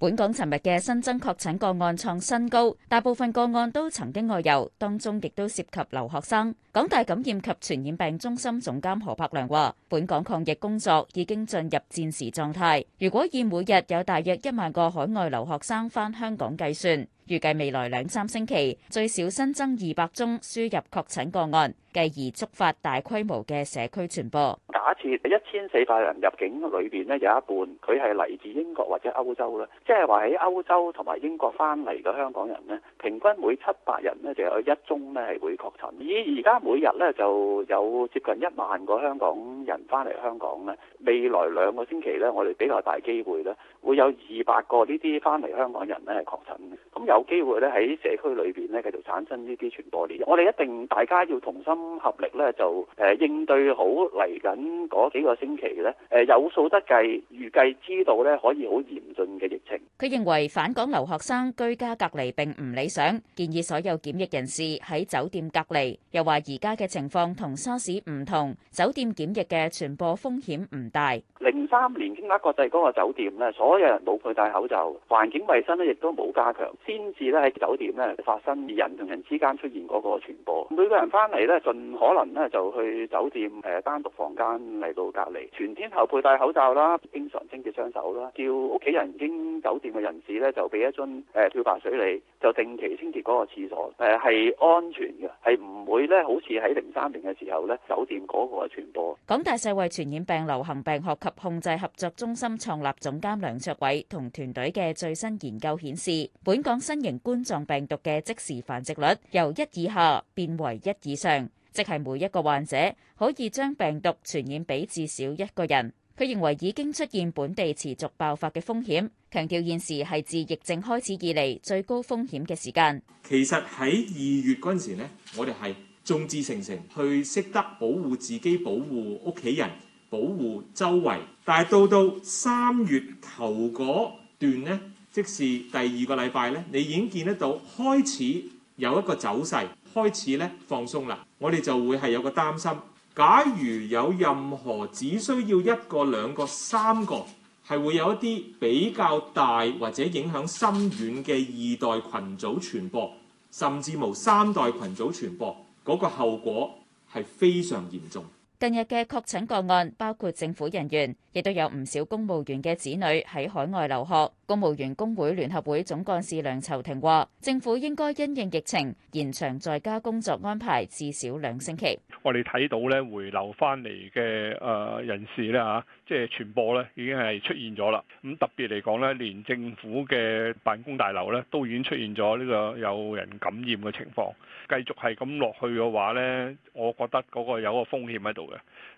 本港尋日嘅新增確診個案創新高，大部分個案都曾經外遊，當中亦都涉及留學生。港大感染及傳染病中心總監何柏良話，本港抗疫工作已經進入戰時狀態，如果以每日有大約一萬個海外留學生返香港計算，預計未來兩三星期，最少新增二百宗輸入確診個案，繼而觸發大規模嘅社區傳播。假設一千四百人入境裏邊咧，有一半佢係嚟自英國或者歐洲啦，即係話喺歐洲同埋英國翻嚟嘅香港人咧，平均每七百人咧就有一宗咧係會確診。而而家每日咧就有接近一萬個香港人翻嚟香港咧，未來兩個星期咧，我哋比較大機會咧會有二百個呢啲翻嚟香港人咧係確診嘅。咁有。有機會咧喺社區裏邊咧繼續產生呢啲傳播鏈，我哋一定大家要同心合力咧，就誒應對好嚟緊嗰幾個星期咧。誒有數得計預計知道咧，可以好嚴峻嘅疫情。佢認為返港留學生居家隔離並唔理想，建議所有檢疫人士喺酒店隔離。又話而家嘅情況同沙士唔同，酒店檢疫嘅傳播風險唔大。零三年京華國際嗰個酒店咧，所有人冇佩戴口罩，環境衞生咧亦都冇加強先。於是咧喺酒店咧發生人同人之間出現嗰個傳播，每個人翻嚟咧盡可能咧就去酒店誒單獨房間嚟到隔離，全天候佩戴口罩啦，經常清潔雙手啦，叫屋企人經酒店嘅人士咧就俾一樽誒漂白水嚟，就定期清潔嗰個廁所誒，係安全嘅，係唔會咧好似喺零三年嘅時候咧酒店嗰個傳播。港大世衛傳染病流行病學及控制合作中心創立總監梁卓偉同團隊嘅最新研究顯示，本港新新型冠狀病毒嘅即時繁殖率，由一以下變為一以上，即係每一個患者可以將病毒傳染俾至少一個人。佢認為已經出現本地持續爆發嘅風險，強調現時係自疫症開始以嚟，最高風險嘅時間。其實喺二月嗰陣時呢，我哋係眾志成城去識得保護自己、保護屋企人、保護周圍。但係到到三月頭嗰。段呢，即是第二個禮拜呢，你已經見得到開始有一個走勢開始呢放鬆啦。我哋就會係有個擔心，假如有任何只需要一個、兩個、三個，係會有一啲比較大或者影響深遠嘅二代群組傳播，甚至無三代群組傳播，嗰、那個後果係非常嚴重。近日嘅確診個案包括政府人員，亦都有唔少公務員嘅子女喺海外留學。公務員工會聯合會總幹事梁籌庭話，政府應該因應疫情，延長在家工作安排至少兩星期。我哋睇到咧，回流翻嚟嘅啊人士咧嚇，即係傳播咧已經係出現咗啦。咁特別嚟講咧，連政府嘅辦公大樓咧都已經出現咗呢個有人感染嘅情況。繼續係咁落去嘅話咧，我覺得嗰個有個風險喺度。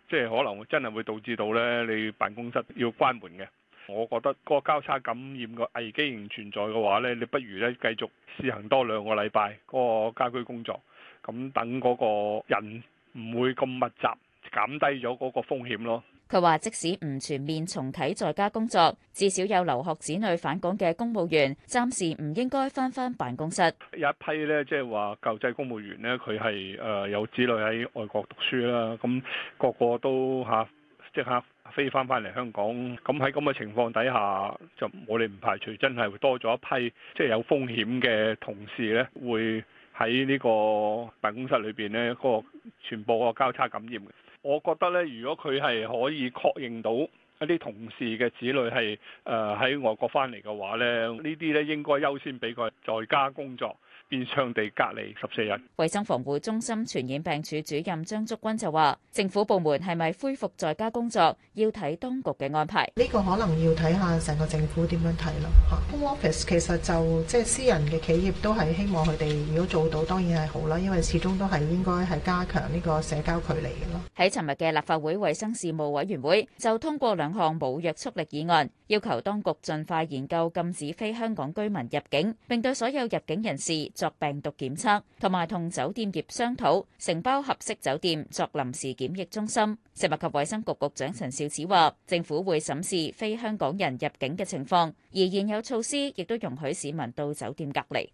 即係可能會真係會導致到呢，你辦公室要關門嘅。我覺得嗰個交叉感染嘅危機仍存在嘅話呢，你不如呢，繼續試行多兩個禮拜嗰個家居工作，咁等嗰個人唔會咁密集，減低咗嗰個風險咯。佢話即使唔全面重啟在家工作，至少有留學子女返港嘅公務員暫時唔應該翻翻辦公室。有一批呢，即係話舊制公務員呢，佢係誒有子女喺外國讀書啦，咁、那個個都吓即刻飛翻翻嚟香港。咁喺咁嘅情況底下，就我哋唔排除真係會多咗一批即係有風險嘅同事咧，會喺呢個辦公室裏邊呢個傳播個交叉感染嘅。我覺得呢，如果佢係可以確認到。一啲同事嘅子女係誒喺外國翻嚟嘅話咧，呢啲咧應該優先俾佢在家工作，變相地隔離十四日。衛生防護中心傳染病處主任張竹君就話政府部門係咪恢復在家工作，要睇當局嘅安排。呢個可能要睇下成個政府點樣睇咯。吓，Home office 其實就即係私人嘅企業都係希望佢哋，如果做到當然係好啦，因為始終都係應該係加強呢個社交距離嘅咯。喺尋日嘅立法會衛生事務委員會就通過兩。項冇約束力議案，要求當局盡快研究禁止非香港居民入境，並對所有入境人士作病毒檢測，同埋同酒店業商討承包合適酒店作臨時檢疫中心。食物及衛生局局長陳肇始話，政府會審視非香港人入境嘅情況，而現有措施亦都容許市民到酒店隔離。